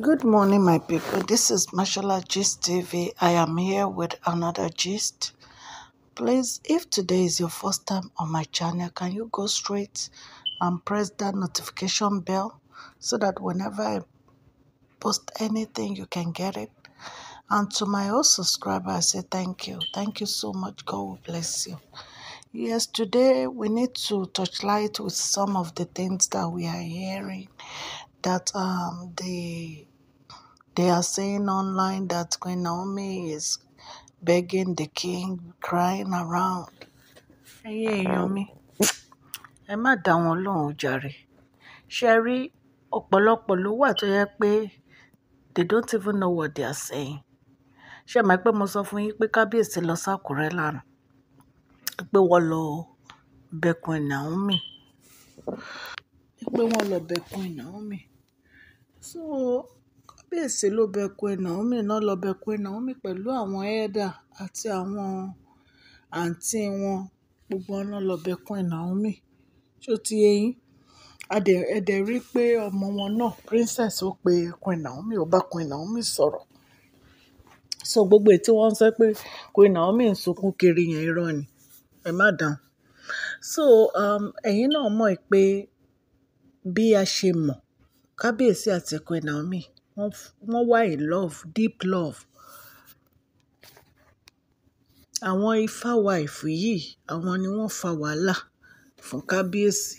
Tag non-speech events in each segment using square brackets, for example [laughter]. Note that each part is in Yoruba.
Good morning, my people. This is Mashallah Gist TV. I am here with another gist. Please, if today is your first time on my channel, can you go straight and press that notification bell so that whenever I post anything, you can get it? And to my old subscriber, I say thank you. Thank you so much. God will bless you. Yes, today we need to touch light with some of the things that we are hearing that um they they are saying online that Queen Naomi is begging the king, crying around. Ẹ̀yin Naomi. I'm not down alone, Jerry. Sherry, o jàre. Ṣé rí ọ̀pọ̀lọpọ̀ ló they don't even know what they are saying. Ṣé màá pé mo sọ fún yín pé kábíyèsí lọ sákùrẹ́ lánàá pé wọ́n lọ bẹ Queen Naomi pé wọ́n lọ bẹ Queen Naomi. So Kábíyèsí ló bẹ Queen Naomi náà lọ bẹ Queen Naomi pẹ̀lú àwọn elder àti àwọn àǹtí wọn, gbogbo wọn náà lọ bẹ Queen Naomi. Ṣé o ti yé yín? A dẹ̀, pé ọmọ wọn náà princess ó pe Queen Naomi, ó bá Queen Naomi sọ̀rọ̀. So gbogbo èyí tí wọ́n ń sọ pé Queen Naomi ń sunkún kiri yẹn irọ́ ni. Ẹ má dàhùn. So, um, ẹ̀yin náà mọ̀ pé bí a ṣe mọ̀ kábíyèsí àti queen naomi wọ́n wà in love deep love àwọn ifá wàìfù yìí àwọn ni wọ́n fa wàhálà fún kábíyèsí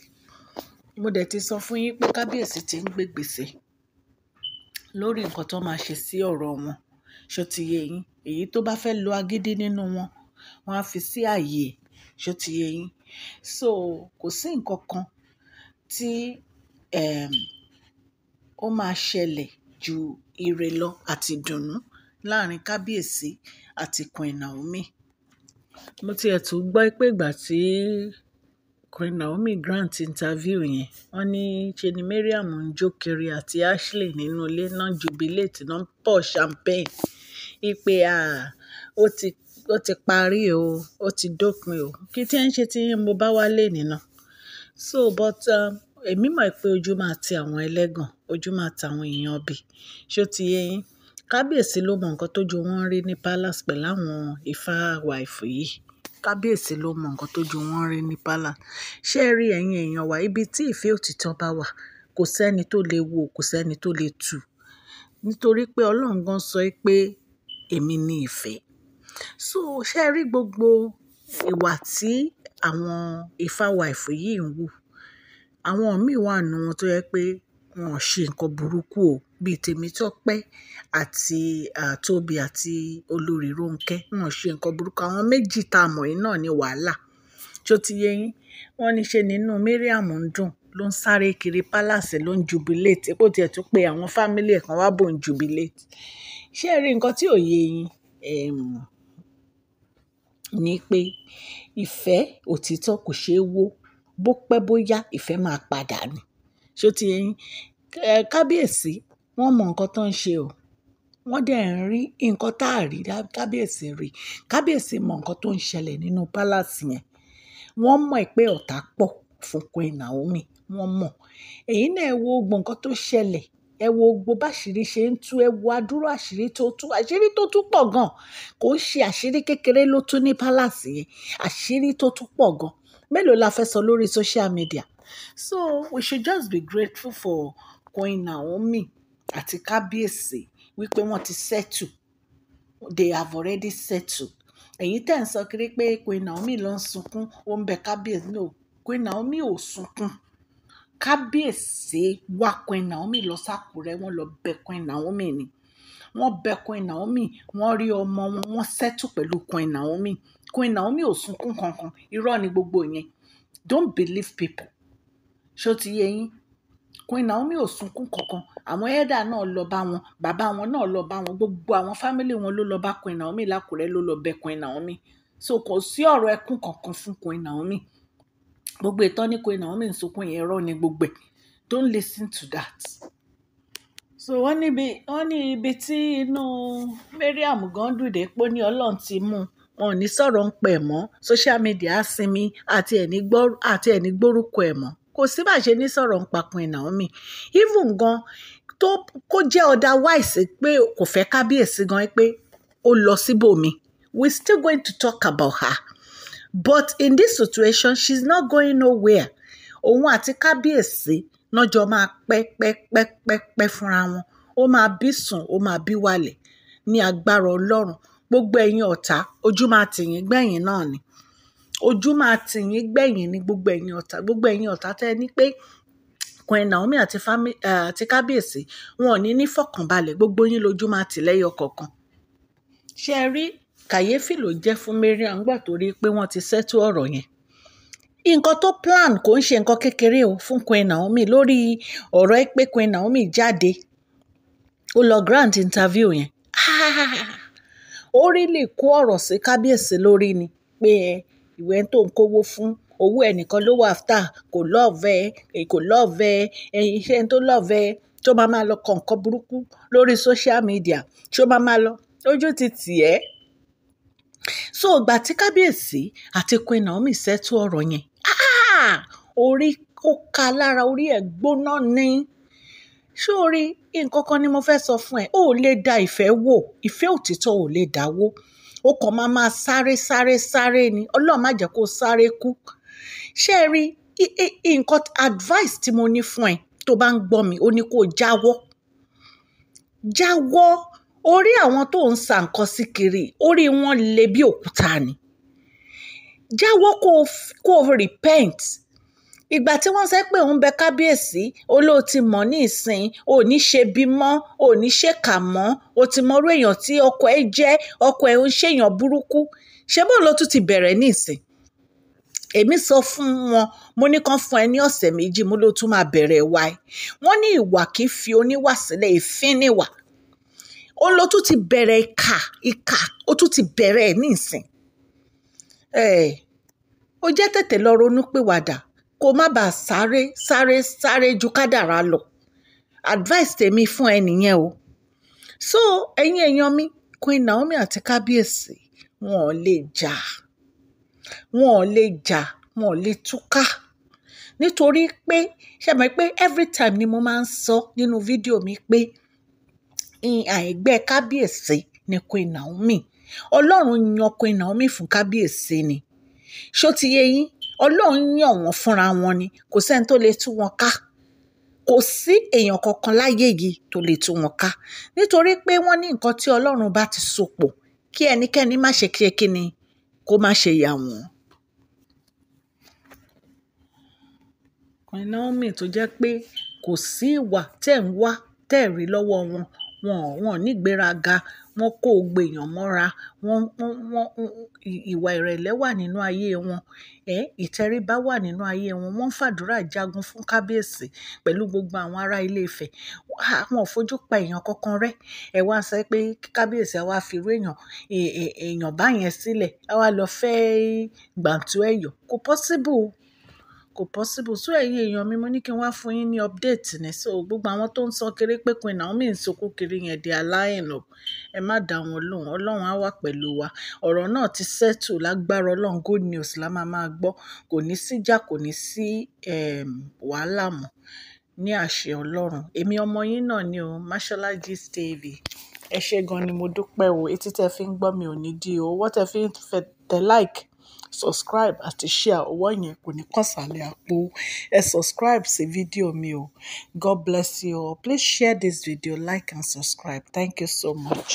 mo dẹ̀ ti sọ fún yín pé kábíyèsí ti ń gbé gbèsè lórí nǹkan tó máa ṣe sí ọ̀rọ̀ wọn ṣó ti yé yín èyí tó bá fẹ́ lo agídí nínú wọn wọn á fi sí àyè ṣó ti yín so kò sí nǹkan kan tí um, ó máa ṣẹlẹ̀ ju ire lọ àti ìdùnnú láàrin kábíyèsí àti queen naomi mo tiẹ̀ tún gbọ́ pé ìgbà tí queen naomi grant interview yẹn wọ́n ní ṣe ni mariam ń jó kiri àti ashley nínú ilé náà jubilate náà pọ̀ champagne ìpè à ó ti ó ti parí o ó ti dópin o kí tí ẹ ń ṣe tí mo bá wálé nìna so but um, èmi mọ̀ pé ojú máa ti àwọn ẹlẹ́gàn, ojú máa ta àwọn èèyàn ibí. Ṣé ó ti yé yín? Kábíyèsí ló mọ nǹkan tójú wọn ń rí ní palace pẹ̀lú àwọn Ifá waifu yìí. Kábíyèsí ló mọ nǹkan tójú wọn ń rí ní palace. Ṣé ẹ rí ẹ̀yin èèyàn wa? Ibi tí ìfẹ́ òtítọ́ bá wà, kò sẹ́ni tó lè wo, kò sẹ́ni tó lè tú. Nítorí pé Ọlọ́run gan sọ pé èmi ni ìfẹ́. So ṣé ẹ rí gbogbo ìwà tí àwọn Ifá waifu yìí ń wù? Àwọn mí wà nínú wọn tó jẹ́ pé wọn ò ṣe nǹkan burúkú o, bíi Tèmítọ́pẹ́ àti Tóbi àti Olorì Ronkẹ́. Wọn ò ṣe nǹkan burúkú. Àwọn méjì ta mọ̀ yìí náà ni wàhálà. Ṣé ó ti yé yín? Wọ́n ní ṣe nínú Mariam ń dùn, ló ń sáré kiri palace, ló ń jubilate. Pe o ti ẹ̀ tún pé àwọn family ẹ̀ kan wá bóun jubilate. Ṣé ẹ rí nǹkan tí ò yé yín? Ni pé ìfẹ́ òtítọ́ kò ṣe wó bó pẹ́ bó yá ìfẹ́ máa padà ni. Ṣé ó ti yé yín? Kábíyèsí wọ́n mọ nǹkan tó ń ṣe o. Wọ́n dẹ̀ ń rí nǹkan táà rí kábíyèsí rí. Kábíyèsí mọ nǹkan tó ń ṣẹlẹ̀ nínú palace yẹn. Wọ́n mọ̀ pé ọ̀tá pọ̀ fún Queen Naomi. Wọ́n mọ̀. Èyí náà ẹ wo gbogbo nǹkan tó ṣẹlẹ̀. Ẹ wo gbogbo báṣìrí ṣe ń tú. Ẹ wo adúrú àṣírí tó tú. Àṣírí tó tú pọ̀ gan. Kò ṣe àṣírí kékeré ló tú ní palace yẹn. Àṣírí tó tú pọ̀ gan mélòó la fẹ́ sọ lórí social media so we should just be grateful for Queen Naomi àti kábíyèsí wípé wọ́n ti settle they have already settled èyí tẹ̀ ń sọ kiri pé Queen Naomi ló ń sunkún ó ń bẹ kábíyèsí no Queen Naomi ò sunkún kábíyèsí wá Queen Naomi lọ sákùrẹ́ wọ́n lọ bẹ Queen Naomi ni wọ́n bẹ Queen Naomi wọ́n rí ọmọ wọn wọ́n settle pẹ̀lú Queen Naomi Queen Naomi ò sunkún kankan irọ́ ni gbogbo yẹn don't believe people ṣó ti yé yín Queen Naomi ò sunkún kankan àwọn ẹ̀dà náà lọ bá wọn bàbá wọn náà lọ bá wọn gbogbo àwọn fámìlì wọn ló lọ bá Queen Naomi lákùrẹ́ ló lọ bẹ Queen Naomi so kò sí ọ̀rọ̀ ẹkún kankan fún Queen Naomi gbogbo ìtọ́ni Queen Naomi ń sunkún yẹn irọ́ ni gbogbo ẹ̀ don't listen to that so wọ́n níbi wọ́n ní ibi tí inú mariam gan dùde pé ní ọlọ́run ti mú wọn ò ní sọ̀rọ̀ ń pẹ̀ mọ́ social media á sinmi àti ẹ̀ní gbọ́ àti ẹ̀ní gbórúkọ ẹ̀ mọ́ kò sí bá ṣe ní sọ̀rọ̀ ń papọ̀ ẹ̀ Naomi even gan tó kó jẹ́ otherwise pé kò fẹ́ kábíyèsí gan pé ó lọ síbòmí we still going to talk about her but in this situation she's not going nowhere òun àti kábíyèsí lọ́jọ́ máa pẹ́ pẹ́ pẹ́ pẹ́ pẹ́ fúnra wọn ó máa bí sùn ó máa bí wàlẹ̀ ní agbára ọlọ́run gbogbo ẹ̀yin ọ̀tá ojú máa tì yín gbẹ̀yìn náà ni ojú máa tì yín gbẹ̀yìn ní gbogbo ẹ̀yin ọ̀tá gbogbo ẹ̀yin ọ̀tá tẹ́ ẹ ní pé Queen Naomi àti uh, kábíyèsí wọn ò ní ní fọkànbalẹ̀ gbogbo yín lójú máa tì lẹ́yọ ṣe rí kàyéfì ló jẹ́ fún Mariam gbà torí pé wọ́n ti ṣẹ́tù ọ̀rọ̀ yẹn nǹkan tó plan kò ń ṣe nǹkan kékeré o fún Queen Naomi lórí ọ̀rọ̀ ẹ pé Queen Naomi jáde ó lọ grant interview yẹn [laughs] ó rí lè kó ọ̀rọ̀ sí kábíyèsí lórí ni pé ìwé tó ń kówó fún owó ẹnìkan ló wà áfítà kò lọ́ọ̀vẹ́ kò lọ́ọ̀vẹ́ iṣẹ́ tó lọ́ọ̀vẹ́ tó máa máa lọ kọ̀ǹkan burúkú lórí social media tó máa máa lọ ojú ti tì ẹ́ so ìgbà tí kábíyèsí àti Queen Naomi ṣètò ọ̀rọ̀ yẹn ah orí ó ka lára orí ẹ̀ gbóná ni sórí nǹkan kan ni mo fẹ́ sọ fún ẹ ó lè da ìfẹ́ wò ìfẹ́ òtítọ́ ò lè dá wó ó kàn máa máa sáré sáré sáré ni ọlọ́run má jẹ́ kó sáré kú ṣé ẹ rí nǹkan advice tí mo ní fún ẹ tó bá ń gbọ́ mi ó ní kó jáwọ́ jáwọ́ orí àwọn tó ń sa nǹkan sí kiri orí wọn le bí òkúta ni jáwọ́ kó kó repent ìgbà tí wọ́n sọ pé òun bẹ kábíyèsí olóòtí mọ̀ ní ìsìn ò ní ṣe bí mọ́ ò ní ṣe kà mọ́ ò ti mọ orú èèyàn tí ọkọ ẹ jẹ́ ọkọ ẹ ń ṣèyàn burúkú ṣé bóun ló tún ti bẹ̀rẹ̀ ní ìsìn èmi sọ fún wọn mo ní kán fún ẹ ní ọ̀sẹ̀ méjì mo ló tún máa bẹ̀rẹ̀ wa ẹ wọ́n ní ìwà kì í fi oníwà sílẹ̀ ìfín níwà ó ló tún ti bẹ̀rẹ̀ ìkà ìkà ó tún ti bẹ̀rẹ̀ ní ìsìn um ó jẹ́ tètè lọ́ọ́ ronúpìwàdà kó má bàa sáré sáré sáré ju kádàrá lọ advice tèmi fún ẹ nìyẹn o so ẹ̀yin èèyàn mi Queen Naomi àti kábíyèsí wọn ò lè jà wọn ò lè jà wọn ò lè túká nítorí pé ṣe mọ̀ pé every time ni mo máa ń sọ nínú fídíò mi pé àìgbẹ́ kábíyèsí ni Queen Naomi ọlọ́run yan Queen Naomi fún kábíyèsí ni ṣó ti yé yín ọlọ́run yàn wọ́n fúnra wọn ni kò sẹ́ni tó lè tú wọn ká kò sí èèyàn kankan láyé yìí tó lè tú wọn ká nítorí pé wọ́n ní nǹkan tí ọlọ́run bá ti so kí ẹnikẹ́ni má ṣe kí ẹkíni kó má ṣe yà wọ́n. Queen Naomi tó jẹ́ pé kò sí ìwà tẹ̀ ń wá tẹ̀ rí lọ́wọ́ wọn Wọn, wọ́n ò ní ìgbéraga, wọ́n kó gbogbo èèyàn mọ́ra, wọ́n, wọ́n, wọ́n, ìwà ìrẹ̀lẹ̀ wà nínú ayé wọn, ẹ́, ìtẹríba wà nínú ayé wọn. Wọ́n ń fàdúrà jagun fún kábíyèsí pẹ̀lú gbogbo àwọn ará ilé Ifẹ̀. Wọn ò fojú pa èèyàn kankan rẹ́. Ẹ wá sọ pé kí kábíyèsí a wá fi irú èèyàn, èèyàn báyẹn sílẹ̀, a wá lọ fẹ́ gbàǹtú ẹ̀yọ̀. Kò possible kò possible so ẹ̀yin èèyàn mi mo ní kí n wá fún yín ní update ní so gbogbo àwọn tó ń sọ kiri pé Queen Naomi ń sunkún kiri yẹn di aláìnà ẹ má dá wọn lóhùn ọlọ́run á wà pẹ̀lú wa ọ̀rọ̀ náà ti settle lágbára ọlọ́run good news la máa máa gbọ́ kò ní síjà kò ní sí ehm, wàhálà mọ́ ní àṣẹ ọlọ́run èmi ọmọ yín náà ni o Mashola Gist TV ẹ ṣé gan ni mo dúpẹ́ o etí tẹ́ fi ń gbọ́ mi ò ní di o owó tẹ́ fi ń tẹ like subscribe àti share ọwọ́ yẹn kò ní kàn sálẹ̀ àpò ẹ subscribe sí fídíò mi o god bless you all please share this video like and subscribe thank you so much.